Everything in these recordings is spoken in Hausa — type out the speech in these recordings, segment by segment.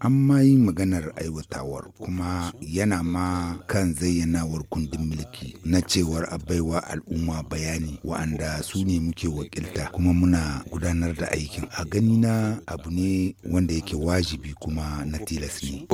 An ma yi maganar aiwatawar kuma yana ma kan zayyanawar kundin mulki na cewar a baiwa al'umma bayani wa'anda su ne muke wakilta kuma muna gudanar da aikin. A gani na abu ne wanda yake wajibi kuma na tilas ne.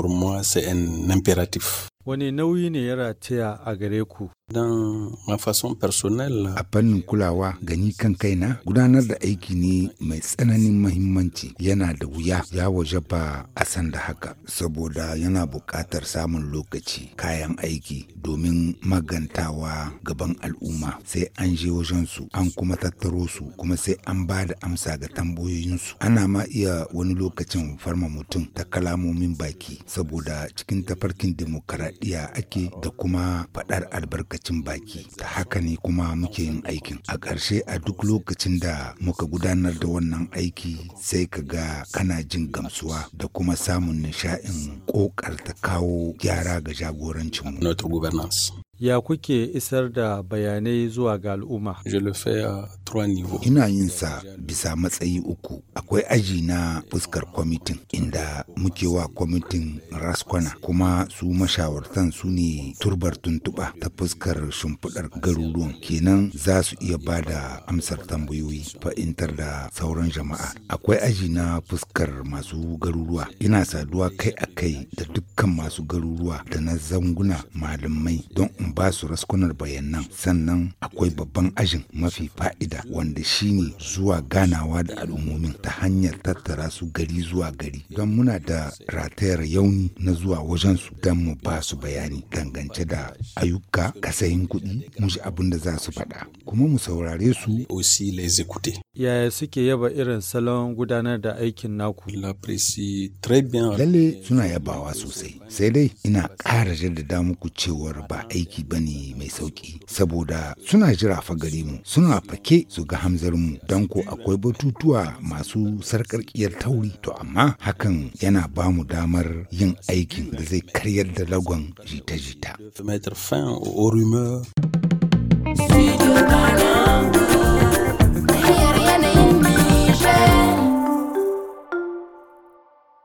Wani nauyi ne ya rataya a gare ku? Don mafason personnel. A fannin kulawa gani kan kaina gudanar da aiki ne mai tsananin mahimmanci yana da wuya ya waje ba a san da haka saboda yana buƙatar samun lokaci kayan aiki domin magantawa gaban al'umma sai an je wajen an kuma tattaro su kuma sai an ba da amsa ga tambayoyinsu ana ma iya wani lokacin farma mutum ta kalamomin baki saboda cikin tafarkin dimokuraɗiyya faɗiya ake da kuma faɗar albarkacin baki ta haka ne kuma muke yin aikin a ƙarshe a duk lokacin da muka gudanar da wannan aiki sai ka ga kana jin gamsuwa da kuma samun nishain ta kawo gyara ga jagorancinmu Ya kuke isar da bayanai zuwa ga al'umma? Ina yin sa bisa matsayi uku. Akwai aji na fuskar kwamitin inda muke wa kwamitin raskwana kuma su mashawartan su ne turbar tuntuba. ta fuskar shimfiɗar garuruwan kenan za su iya ba da amsar tambayoyi fa'intar da sauran jama'a. Akwai aji na fuskar masu garuruwa. Ina saduwa kai a kai da dukkan masu garuruwa da na zanguna malamai don in ba su raskunar bayanan sannan akwai babban ajin mafi fa'ida wanda shine zuwa ganawa da al'ummomin ta hanyar tattara su gari zuwa gari don muna da ratayar yauni na zuwa wajen su don mu ba su bayani dangance da ayyuka kasayin kuɗi mu ji abin da za su faɗa kuma mu saurare su yaya suke yaba irin salon gudanar da aikin naku lalle suna yabawa sosai sai dai ina ƙara jaddada muku cewar ba aiki aiki ba ne mai sauƙi, saboda suna jira fa gare mu suna fake su ga hamzar mu don ko akwai batutuwa masu sarƙarƙiyar tauri to amma hakan yana ba mu damar yin aikin da zai karyar da lagon jita-jita.